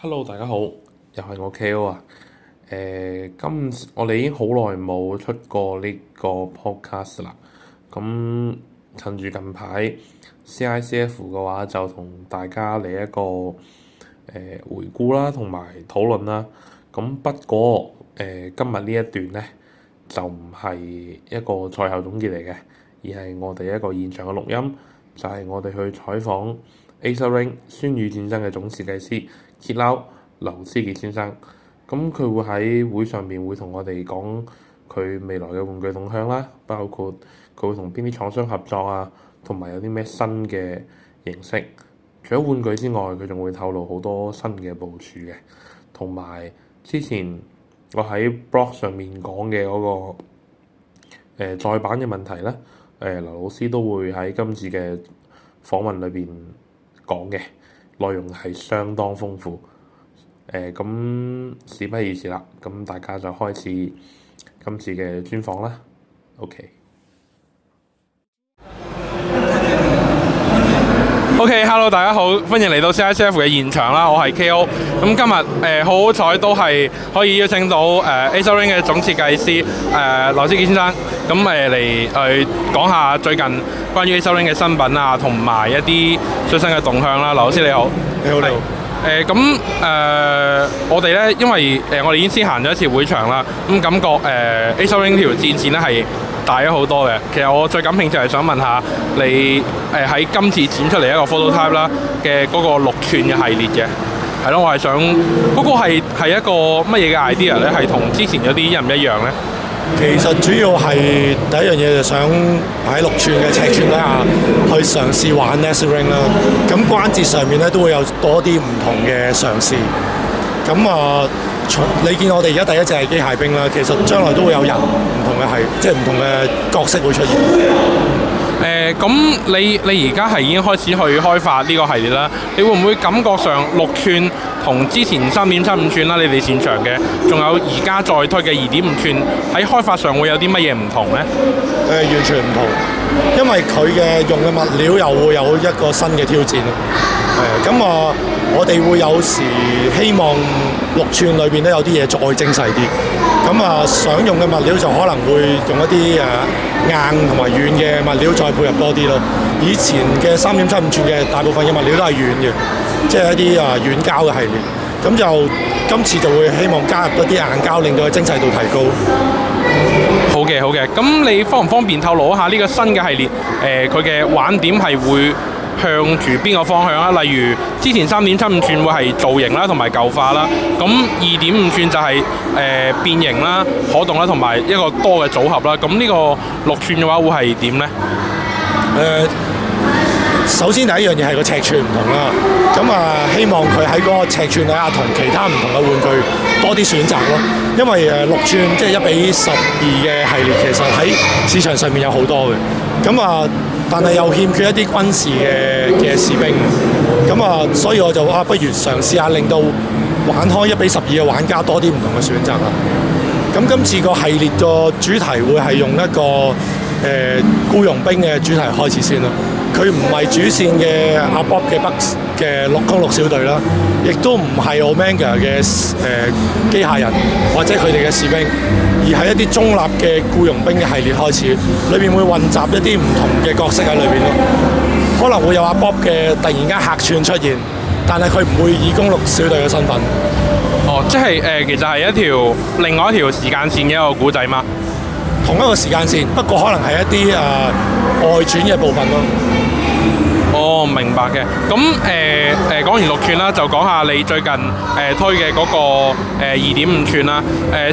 hello，大家好，又係我 K.O. 啊！誒、呃，今次我哋已經好耐冇出過呢個 podcast 啦。咁趁住近排 C.I.C.F. 嘅話，就同大家嚟一個誒、呃、回顧啦，同埋討論啦。咁不過誒、呃，今日呢一段咧就唔係一個賽後總結嚟嘅，而係我哋一個現場嘅錄音，就係、是、我哋去採訪 ACID RAIN 酸雨戰爭嘅總設計師。Kit Lau，劉斯傑先生，咁佢會喺會上面會同我哋講佢未來嘅玩具動向啦，包括佢會同邊啲廠商合作啊，同埋有啲咩新嘅形式。除咗玩具之外，佢仲會透露好多新嘅部署嘅，同埋之前我喺 blog 上面講嘅嗰個誒再、呃、版嘅問題咧，誒、呃、劉老師都會喺今次嘅訪問裏面講嘅。內容係相當豐富，誒、呃、咁事不宜遲啦，咁大家就開始今次嘅專訪啦。Okay. OK，Hello，、okay, 大家好，歡迎嚟到 CICF 嘅現場啦，我係 K.O. 咁今日誒，好、呃、彩都係可以邀請到、呃、ACID RAIN 誒咁誒，我哋呢，因為誒、呃、我哋已經先行咗一次會場啦，咁感覺誒、呃、A 手柄條戰線係大咗好多嘅。其實我最感興趣係想問下你誒喺、呃、今次展出嚟一個 photo type 啦嘅嗰個六寸嘅系列嘅，係咯，我係想嗰、嗰個係一個乜嘢嘅 idea 呢？係同之前有啲一唔一樣呢？其實主要係第一樣嘢就想喺六寸嘅尺寸底下去嘗試，去嘗試玩 Nest Ring 啦。咁關節上面咧都會有多啲唔同嘅嘗試。咁啊，你見我哋而家第一隻係機械兵啦，其實將來都會有人唔同嘅係，即係唔同嘅角色會出現。誒，咁、呃、你你而家係已經開始去開發呢個系列啦，你會唔會感覺上六寸同之前三點七五寸啦、啊，你哋擅長嘅，仲有而家再推嘅二點五寸，喺開發上會有啲乜嘢唔同呢？呃、完全唔同，因為佢嘅用嘅物料又會有一個新嘅挑戰。誒，咁啊，我哋會有時希望六寸裏邊都有啲嘢，再精細啲，咁啊，想用嘅物料就可能會用一啲誒硬同埋軟嘅物料再配合多啲咯。以前嘅三點七五寸嘅大部分嘅物料都係軟嘅，即係一啲誒軟膠嘅系列，咁就今次就會希望加入一啲硬膠，令到佢嘅精細度提高。好嘅，好嘅，咁你方唔方便透露一下呢個新嘅系列誒，佢嘅玩點係會？向住邊個方向啦？例如之前三點七五寸會係造型啦，同埋舊化啦。咁二點五寸就係、是、誒、呃、變形啦、可動啦，同埋一個多嘅組合啦。咁呢個六寸嘅話會係點呢？誒、呃。首先第一樣嘢係個尺寸唔同啦，咁啊，希望佢喺嗰個尺寸底下同其他唔同嘅玩具多啲選擇咯。因為誒六寸即係一比十二嘅系列，其實喺市場上面有好多嘅。咁啊，但係又欠缺一啲軍事嘅嘅士兵。咁啊，所以我就啊，不如嘗試下令到玩開一比十二嘅玩家多啲唔同嘅選擇啦。咁今次個系列個主題會係用一個誒僱傭兵嘅主題開始先咯。佢唔係主線嘅阿 Bob 嘅北嘅六公六小隊啦，亦都唔係 Omega 嘅誒、呃、機械人或者佢哋嘅士兵，而係一啲中立嘅僱傭兵嘅系列開始，裏面會混雜一啲唔同嘅角色喺裏邊咯。可能會有阿 Bob 嘅突然間客串出現，但係佢唔會以公六小隊嘅身份。哦，即係誒、呃，其實係一條另外一條時間線嘅一個古仔嘛，同一個時間線，不過可能係一啲誒、呃、外傳嘅部分咯。明白嘅，咁誒誒講完六寸啦，就講下你最近誒推嘅嗰個誒二點五寸啦，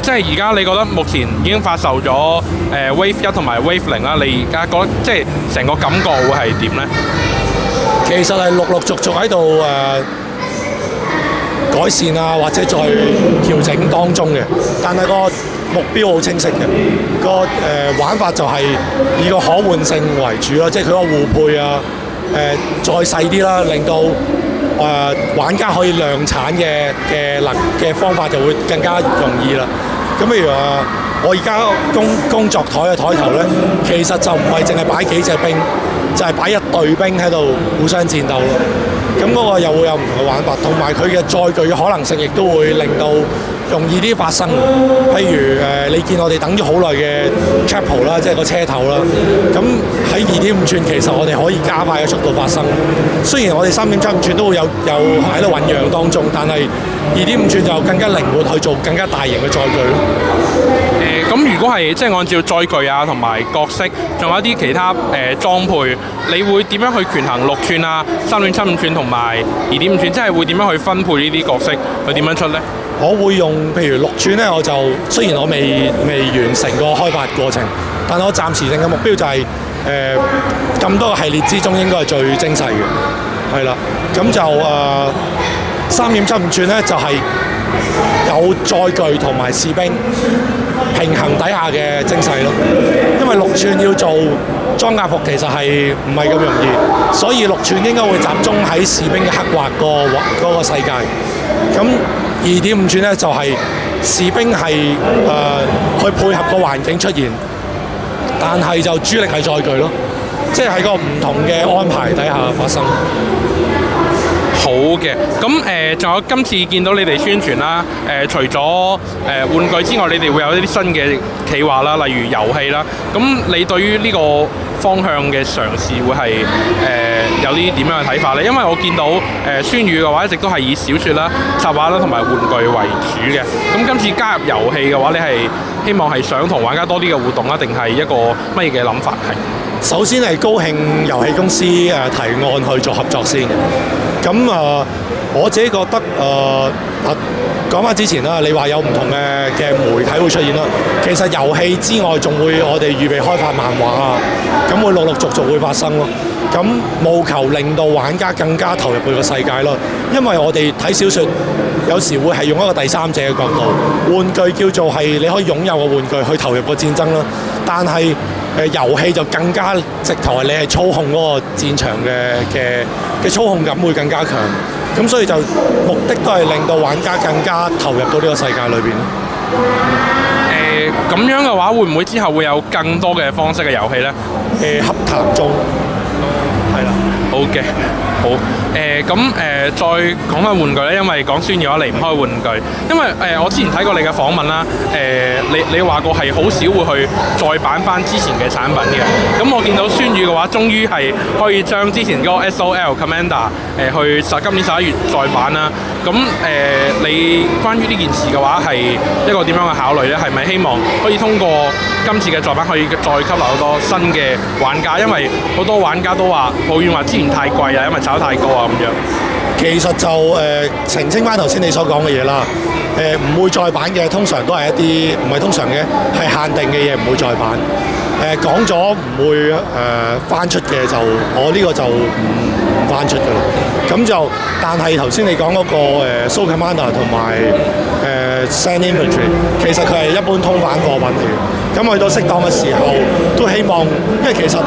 誒即係而家你覺得目前已經發售咗誒 Wave 一同埋 Wave 零啦，你而家覺得即係成個感覺會係點呢？其實係陸陸續續喺度誒改善啊，或者在調整當中嘅，但係個目標好清晰嘅，個誒玩法就係以個可換性為主啦，即係佢個互配啊。呃、再細啲啦，令到誒、呃、玩家可以量產嘅嘅能嘅方法就會更加容易啦。咁譬如啊、呃，我而家工工作台嘅台頭呢，其實就唔係淨係擺幾隻兵，就係、是、擺一隊兵喺度互相戰鬥咯。咁嗰個又會有唔同嘅玩法，同埋佢嘅載具嘅可能性亦都會令到。容易啲發生，譬如誒、呃，你見我哋等咗好耐嘅 Chapel 啦，即係個車頭啦。咁喺二點五寸，其實我哋可以加快嘅速度發生。雖然我哋三點七五寸都會有有喺度醞釀當中，但係二點五寸就更加靈活去做更加大型嘅載具。誒、呃，咁如果係即係按照載具啊同埋角色，仲有一啲其他誒、呃、裝配，你會點樣去權衡六寸啊、三點七五寸同埋二點五寸？即係會點樣去分配呢啲角色？佢點樣出呢？我會用，譬如六寸咧，我就雖然我未未完成個開發過程，但我暫時性嘅目標就係誒咁多個系列之中應該係最精細嘅，係啦，咁就誒三點七五寸咧就係、是、有載具同埋士兵平衡底下嘅精細咯，因為六寸要做裝甲服其實係唔係咁容易，所以六寸應該會集中喺士兵嘅刻畫個嗰、那個世界。咁二點五寸呢，就係、是、士兵係誒去配合個環境出現，但係就主力係載具咯，即係喺個唔同嘅安排底下發生。好嘅，咁誒，仲、呃、有今次見到你哋宣傳啦，誒、呃，除咗誒、呃，玩具之外，你哋會有一啲新嘅企劃啦，例如遊戲啦。咁你對於呢個方向嘅嘗試會係，誒、呃，有啲點樣嘅睇法咧？因為我見到誒，酸雨嘅話一直都係以小說啦、插畫啦同埋玩具為主嘅。咁今次加入遊戲嘅話，你係希望係想同玩家多啲嘅互動啦，定係一個乜嘢嘅諗法？係首先係高興遊戲公司誒提案去做合作先嘅。咁啊、呃，我自己覺得、呃、啊，講翻之前啦，你話有唔同嘅嘅媒體會出現啦。其實遊戲之外，仲會我哋預備開發漫畫啊，咁會陸陸續續會發生咯。咁務求令到玩家更加投入去個世界咯。因為我哋睇小說有時會係用一個第三者嘅角度，玩具叫做係你可以擁有個玩具去投入個戰爭啦。但係誒、呃、遊戲就更加直頭，你係操控嗰個戰場嘅嘅。操控感會更加強，咁所以就目的都係令到玩家更加投入到呢個世界裏邊。誒、嗯，咁、呃、樣嘅話，會唔會之後會有更多嘅方式嘅遊戲呢？誒、呃，洽談中，係啦、嗯。好嘅。Okay. 好，誒咁誒再講翻玩具咧，因為講酸雨嘅話離唔開玩具，因為誒、呃、我之前睇過你嘅訪問啦，誒、呃、你你話過係好少會去再版翻之前嘅產品嘅，咁我見到酸雨嘅話終於係可以將之前個 SOL Commander 誒、呃、去十今年十一月再版啦，咁、啊、誒、呃、你關於呢件事嘅話係一個點樣嘅考慮咧？係咪希望可以通過今次嘅作品可以再吸納好多新嘅玩家？因為好多玩家都話抱怨話之前太貴啊，因為。炒太高啊咁樣，其實就誒澄清翻頭先你所講嘅嘢啦，誒唔會再版嘅，通常都係一啲唔係通常嘅，係限定嘅嘢唔會再版。誒講咗唔會誒翻出嘅就，我呢個就唔唔翻出噶啦。咁就但係頭先你講嗰個誒 Soul Commander 同埋誒 Sand Industry，其實佢係一般通版作品嚟。咁去到適當嘅時候，都希望，因為其實誒。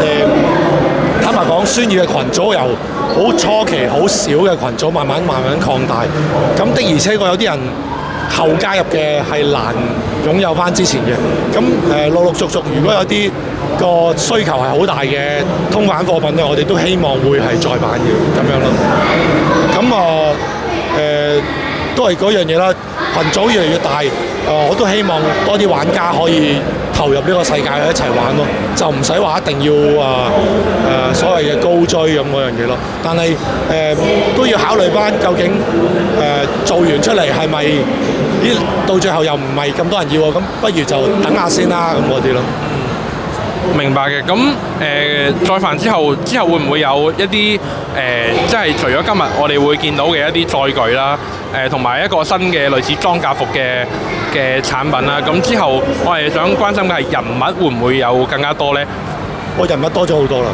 講酸雨嘅群組，由好初期好少嘅群組慢慢慢慢擴大，咁的而且確有啲人後加入嘅係難擁有翻之前嘅，咁誒、呃、陸陸續續，如果有啲個需求係好大嘅通販貨品咧，我哋都希望會係再版嘅咁樣咯。咁啊誒都係嗰樣嘢啦，群組越嚟越大。哦，我都希望多啲玩家可以投入呢個世界去一齊玩咯，就唔使話一定要啊誒所謂嘅高追咁嗰樣嘢咯。但係誒都要考慮返究竟誒做完出嚟係咪呢？到最後又唔係咁多人要，咁不如就等下先啦咁嗰啲咯。嗯，明白嘅。咁誒再犯之後，之後會唔會有一啲誒即係除咗今日我哋會見到嘅一啲載具啦，誒同埋一個新嘅類似裝甲服嘅嘅產品啦，咁之後我係想關心嘅係人物會唔會有更加多呢？我人物多咗好多啦。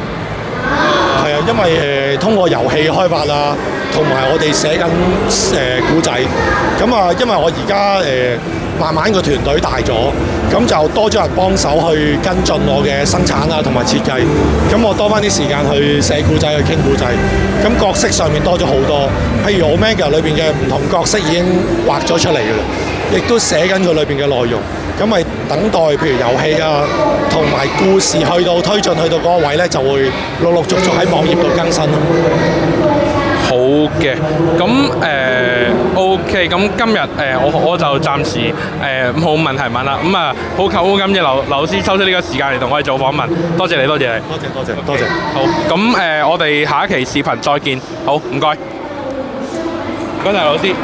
係啊，因為誒、呃、通過遊戲開發啊，同埋我哋寫緊誒古仔，咁、呃、啊、呃，因為我而家誒。呃慢慢個團隊大咗，咁就多咗人幫手去跟進我嘅生產啊，同埋設計。咁我多翻啲時間去寫故仔、去傾故仔。咁角色上面多咗好多，譬如我 Mega 裏邊嘅唔同角色已經畫咗出嚟嘅啦，亦都寫緊佢裏邊嘅內容。咁咪等待，譬如遊戲啊，同埋故事去到推進去到嗰個位咧，就會陸陸續續喺網頁度更新咯。好嘅，咁誒 O。OK，咁今日誒我我就暫時誒冇問題問啦，咁啊好，好感謝劉劉老師抽出呢個時間嚟同我哋做訪問，多謝你，多謝你，多謝多謝多謝。好，咁誒我哋下一期視頻再見，好唔該，多謝劉老師。